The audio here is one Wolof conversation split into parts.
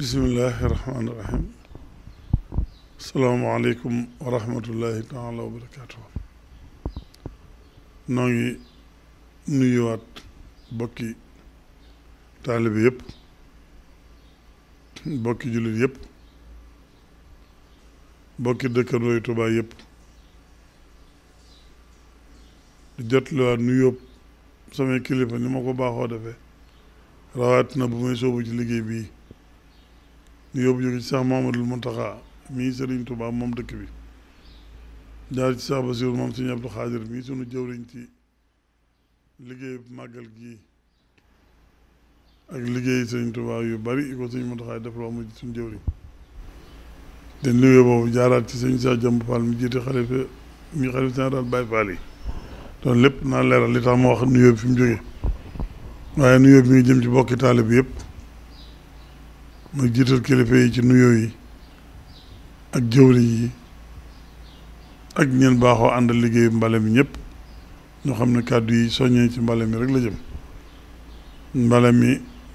bismillahi rahmaani rahim salaamaaleykum wa rahmatullahi taala wa barakaatu noo ngi nuyuwaat bokki taalibe yëpp bokki jullit yëpp bokki dëkkandoo yu Tuubaa yëpp di jotliwaat nuyoo samay kilifa ni ma ko baaxoo defee rawaat na bu may soobu ci liggéey bii ñu yóbbu jóge ci Cheikh Mouhamadoul Mountakha mii Serigne Touba moom dëkk bi jaar ci Cheikh Bassirou moom Serigne Abdou Khadir mii sunu jëwriñ ci liggéey màggal gii ak liggéey Serigne Touba yu bari ko Serigne Mountakha def loo mu sunu jëwriñ te nuyoo boobu jaaraat ci Serigne Cheikh Jëmb Fall mi jiite xalifa mi xalifa général Baye Fall yi loolu lépp naa leeral li tax ma wax nuyoo bi fi mu waaye nuyoo bi mi ngi jëm ci bokki taalibe bi yëpp ma jiital kilifa yi ci nuyoo yi ak jëwriñ yi ak ñeen baaxoo àndal liggéeyu mbale mi ñëpp ñoo xam ne kàddu yi soññee ci mbale mi rek la jëm mbale mi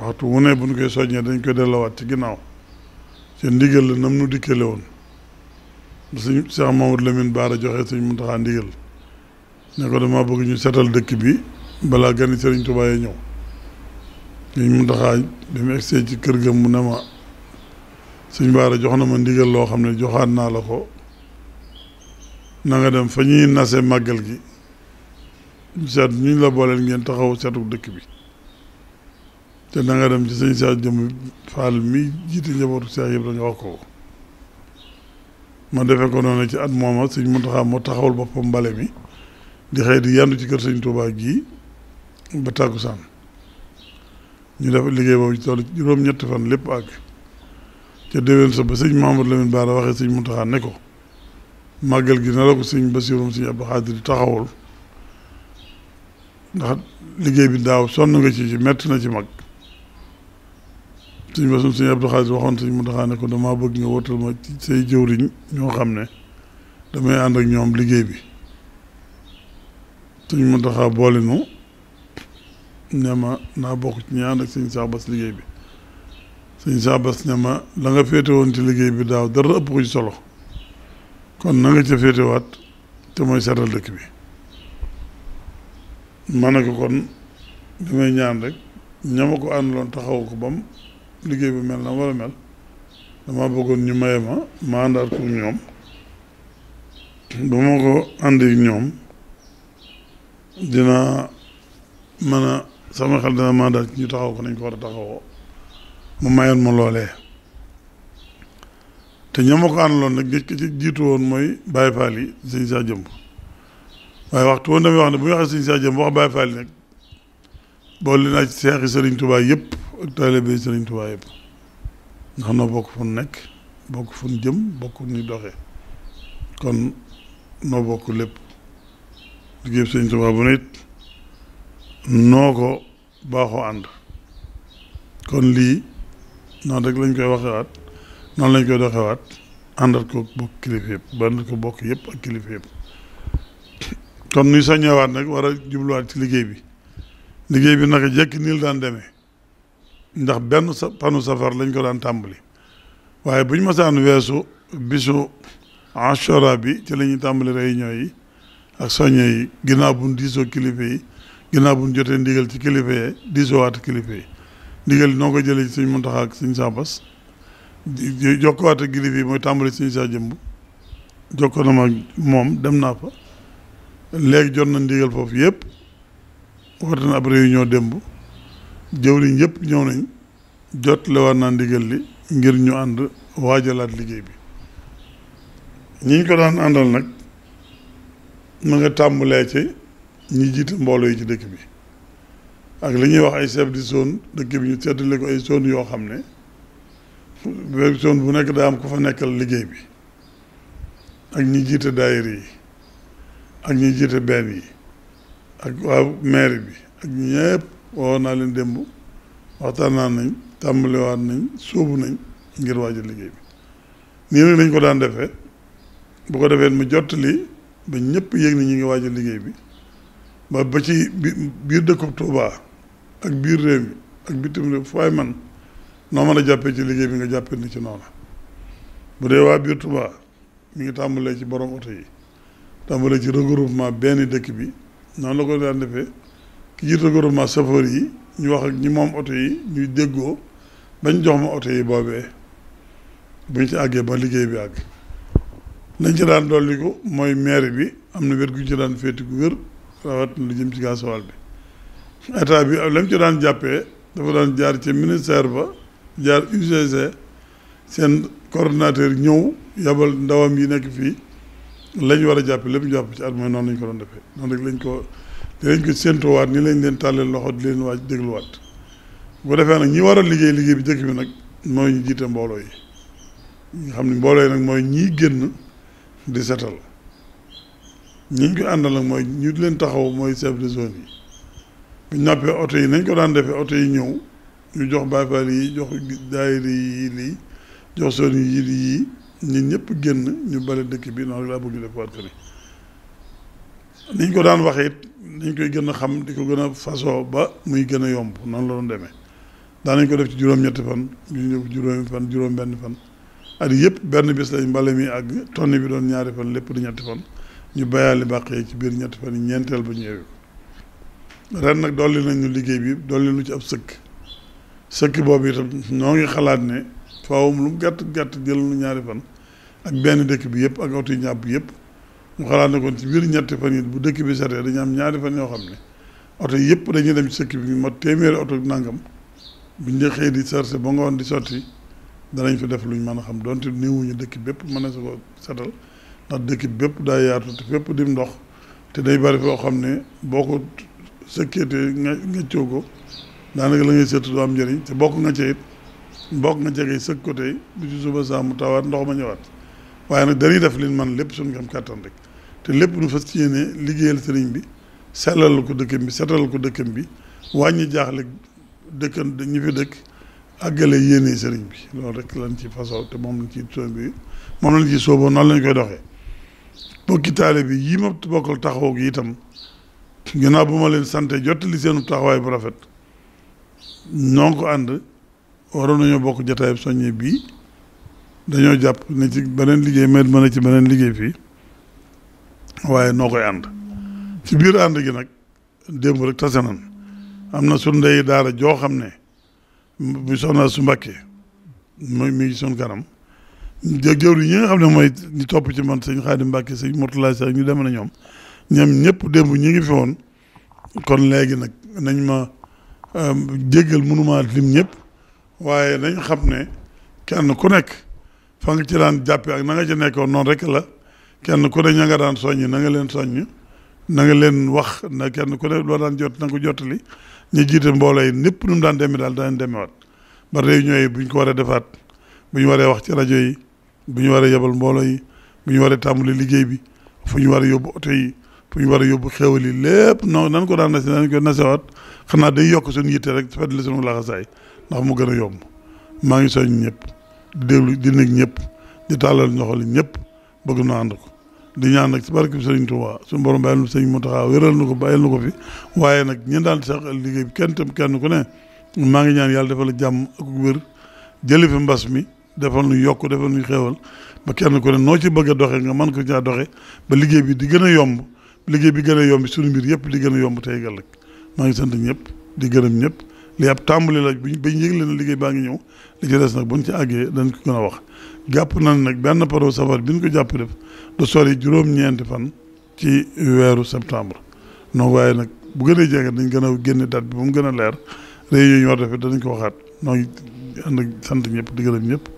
waxtu wu ne bu nu koy soññee dañ koy delloowaat ci ginnaaw seen ndigal la nam nu dikkale woon suñ Cheikh Mamadou Lamine Baara joxe suñ Muntaxa ndigal ne ko dama bëgg ñu setal dëkk bi balaa gani Sëriñ Tuubaa yi ñëw sëñ Muntaxa bi mu ci kër ga mu ne ma jox na ma loo xam ne joxaat naa la ko na nga dem fa ñuy nase màggal gi seet ñu la booleel ngeen taxaw seetu dëkk bi te na dem ci sëñ Saa Jëm Faal mi jiite njabootu Seex yëpp dañu wax ko ma defe ko noonu ci at mooma sëñ Muntaxa moo taxawul boppam mbale mi di xëy yandu ci kër sëñ Tuubaa gii ba tàkkusaan ñu def liggéey boobu ci toll juróom-ñetti fan lépp àgg ca déwén sa ba sëñ Mamadou Lamine Bara waxee sëñ Mountakha ne ko màggal gi na la ko sëñ Bassirou sëñ Abdou Khadir di taxawul ndax liggéey bi daaw sonn nga ci na ci mag sëñ Bassirou sëñ Abdou Khadir waxoon sëñ Mountakha ne ko damaa bëgg nga wóotal ma ci say jëwriñ ñoo xam ne damay ànd ak ñoom liggéey bi sëñ Mountakha boole nu ne ma naa bokk ci ñaan ak sëñ Cheikh liggéey bi sëñ Cheikh Bass la nga féete woon ci liggéey bi daaw dara ëpp ko ci solo kon na nga ca féetewaat te mooy seetal dëkk bi ma ne ko kon damay ñaan rek ñama ko àndaloon taxaw ko bam liggéey bi mel na wala mel dama bëggoon ñu maye ma ma àndaat ko ñoom ba ko ànd ak ñoom dina mën a sama xel dana maa daal ci ñu taxaw ko nañ ko war a taxawoo mu mayoon ma loolee te ñoo ma ko àndaloon nag ñi jiitu woon mooy Baye Fall yi sëñ saa jëmb waaye waxtu woon damay wax ne bu ñu waxee sëñ saa jëmb wax Baye Fall yi naa ci seexi Serigne Touba yëpp ak taalibe Serigne noo bokk fun nekk bokk fu jëm bokk ñu doxee kon noo bokk lépp liggéey Serigne Touba bu nit noo ko baaxoo ànd kon lii noonu rek lañ koy waxewaat noonu lañ koy doxewaat àndal ko bokk kilifa yëpp àndal ko bokk yëpp ak kilifa yëpp kon nuy soññewaat nag war a jubluwaat ci liggéey bi liggéey bi nag jekk niil daan demee ndax benn sa panu safar lañ ko daan tàmbali waaye buñ masaan weesu bisu ashora bi ci la ñuy tàmbali réunion yi ak soññe yi ginnaaw buñ diisoo kilifa yi ginnaaw bu ñu jotee ndigal ci kilifa yi diisowaat kilifa yi ndigal noo ko jëlee ci sëñ Muntaxa ak sëñ Saa Bas jokkowaat ak kilifa yi mooy tàmbali sëñ Saa Jëmb jokkoo na ma moom dem naa fa léegi jot na ndigal foofu yëpp woote na ab réunion démb jëwriñ yëpp ñëw nañ jot lewaat naa ndigal li ngir ñu ànd waajalaat liggéey bi ñi ñu ko daan àndal nag mu nga tàmbalee ci ñi jiite mbooloo yi ci dëkk bi ak li ñuy wax ay chef de zone dëkk bi ñu seddale ko ay zone yoo xam ne bu bu nekk daa am ku fa nekkal liggéey bi ak ñi jiite daayira yi ak ñi jiite benn yi ak waa maire bi ak ñëpp woo naa leen démb waxtaan naa nañ tàmbaliwaat nañ sóobu nañ ngir waajal liggéey bi nii nag lañ ko daan defee bu ko defee mu jottali ba ñëpp yéeg ni ñu ngi waajal liggéey bi ba ba ci biir dëkku Touba ak biir réew mi ak bitim réew fooy man noo mën a jàppee ci liggéey bi nga jàppee ni ci noonu bu dee waa biir Touba mi ngi tàmbalee ci borom oto yi tàmbalee ci regroupement benn dëkk bi noonu la ko daan defee ki jiit regroupement chauffeur yi ñu wax ak ñi moom auto yi ñuy déggoo bañ jox ma auto yi boobee buñ ci àggee ba liggéey bi àgg lañ ci daan dolliku mooy maire bi am na wet gu ñu ci daan féeti gu wér rawat lu jëm ci gasoil bi état bi lam ci daan jàppee dafa daan jaar ci ministère ba jaar UGC seen coordonnateur ñëw yabal ndawam yi nekk fii lañ war a jàppe lépp jàpp ci at mooy noonu lañ ko doon defee noonu rek lañ ko dinañ ko séentuwaat ni lañ leen tàlleel loxo di leen waaj dégluwaat bu defee nag ñi war a liggéey liggéey bi njëkk bi nag mooy ñu jiite mbooloo yi nga xam ne mbooloo yi nag mooy ñii génn di setal ñi ñu ko àndal ak mooy ñu leen taxaw mooy chef de zone yi bu noppee oto yi nañ ko daan defee oto yi ñëw ñu jox Baay Faal yi jox daayira yi lii jox zone yi yii ñun ñëpp génn ñu bale dëkk bi noonu bëgg ñu def ko daan waxee it niñ koy gën xam di ko gën a ba muy gën a yomb noonu la doon demee daanañ ko def ci juróom-ñetti fan ñu ñëw juróomi fan juróom benn fan at yëpp benn bis lañ mbale mi ak tonn bi doon ñaari fan lépp di ñetti fan ñu bayaale bàq yi ci biir ñetti fan ñeenteel bu ñëwee ko ren nag dolli nañu liggéey bi dolli nu ci ab sëkk sëkk boobu itam ñoo ngi xalaat ne faawum lu mu gàtt gàtt jël nu ñaari fan ak benn dëkk bi yëpp ak oto yi ñàpp yëpp mu xalaat ne kon ci biir ñetti fan yi bu dëkk bi setee dañu am ñaari fan yoo xam ne oto yëpp dañuy dem ci sëkk bi mat téeméeri oto nangam bu ñu di sarse ba ngoon di sotti danañ fi def lu ñu mën a xam donte néewuñu dëkk bépp mën a sa ko setal ndax dëkk bépp daa yaatu te fépp dim ndox te day bari foo xam ne boo ko sëkkeetee nga ngëccoo ko daanaka la ngay seetu du am njëriñ te bokk nga ca it bokk nga ca ngay sëkk ko tey bi ci suba saa mu tawaat ndox ma ñëwaat waaye nag dañuy def liñ man lépp suñu am kàttan rek te lépp nu fas ci yéene liggéeyal sëriñ bi sellal ko dëkkam bi setal ko dëkkam bi wàññi jaaxle dëkkan ñi fi dëkk àggale yéene sëriñ bi loolu rek lañ ci façon te moom lañ ci soob bi moom lañ ci sooboo noonu lañ koy doxee bokki taale bi yi ma bokkal taxawoo gi itam ginnaaw bu ma leen sante jottali seenu taxawaay bu rafet nonk ànd waroon nañoo bokk jotaay soññe bii dañoo jàpp ne ci beneen liggéey met mën a ci beneen liggéey fii waaye noo koy ànd ci biir ànd gi nag démb rek tase am na sun ndey daara joo xam ne bu soxna su mbàkkee mu mi ngi sun kanam jëwri ñi nga xam ne mooy ñu topp ci man sëñ Xaadim Mbàkke sëñ Murtala Seck ñu dem na ñoom ñoom ñëpp démb ñu ngi fi woon kon léegi nag nañ ma euh, jéggal mënuma lim ñëpp waaye nañ xam ne kenn ku nekk fa nga ci daan jàppe ak na nga ci nekkoon noonu rek la kenn ku ne ña nga daan soññ na nga leen soññ na nga leen wax na kenn ku ne loo daan jot na nga ko jottali ñu jiite mbooloo yi ñëpp nu mu daan demee daal daan demewaat ba réunion yi bu ñu ko waree defaat bu ñu waree wax ci rajo yi bu ñu war a yebal mbooloo yi bi ñu war a tàmbali liggéey bi fu ñu war yóbbu oto yi fu ñu war a yóbbu xéwal yi lépp non nan ko daan nase nan ko nasewaat xanaa day yokk suñu yitte rek fedd la suñu laxasaay ndax mu gën a yomb maa ngi soñ ñëpp di déglu di nekk ñëpp di tàllal ñoxol ñëpp bëgg na ànd ko di ñaan nag ci barke Sëriñ Tuubaa suñu borom bàyyil nu Sëriñ Muntaxa wéral na ko bàyyil na ko fi waaye nag ñen daan saxal liggéey bi kenn tam kenn ku ne maa ngi ñaan yàlla defal la jàmm ak wér jëli fi mbas mi defal nu yokk defal nu xéewal ba kenn ku ne noo ci bëgg a doxe nga mën ko caa doxe ba liggéey bi di gën a yomb liggéey bi gën a yomb suñu mbir yëpp di gën a yomb tey ëllëg ngi sant ñëpp di gërëm ñëpp li ab tàmbali la buñ bañ yëgle na liggéey baa ngi ñëw li ci des nag ci àggee dañ ko gën a wax jàpp nañ nag benn paro safar bi ñu ko jàpp def du sori juróom-ñeenti fan ci weeru septembre non waaye nag bu gën a jege dañ gën a génne date bi ba mu gën a leer réunion yi ñu war a danañ ko waxaat noo ngi ànd ak sant ñëpp di gërëm ñëpp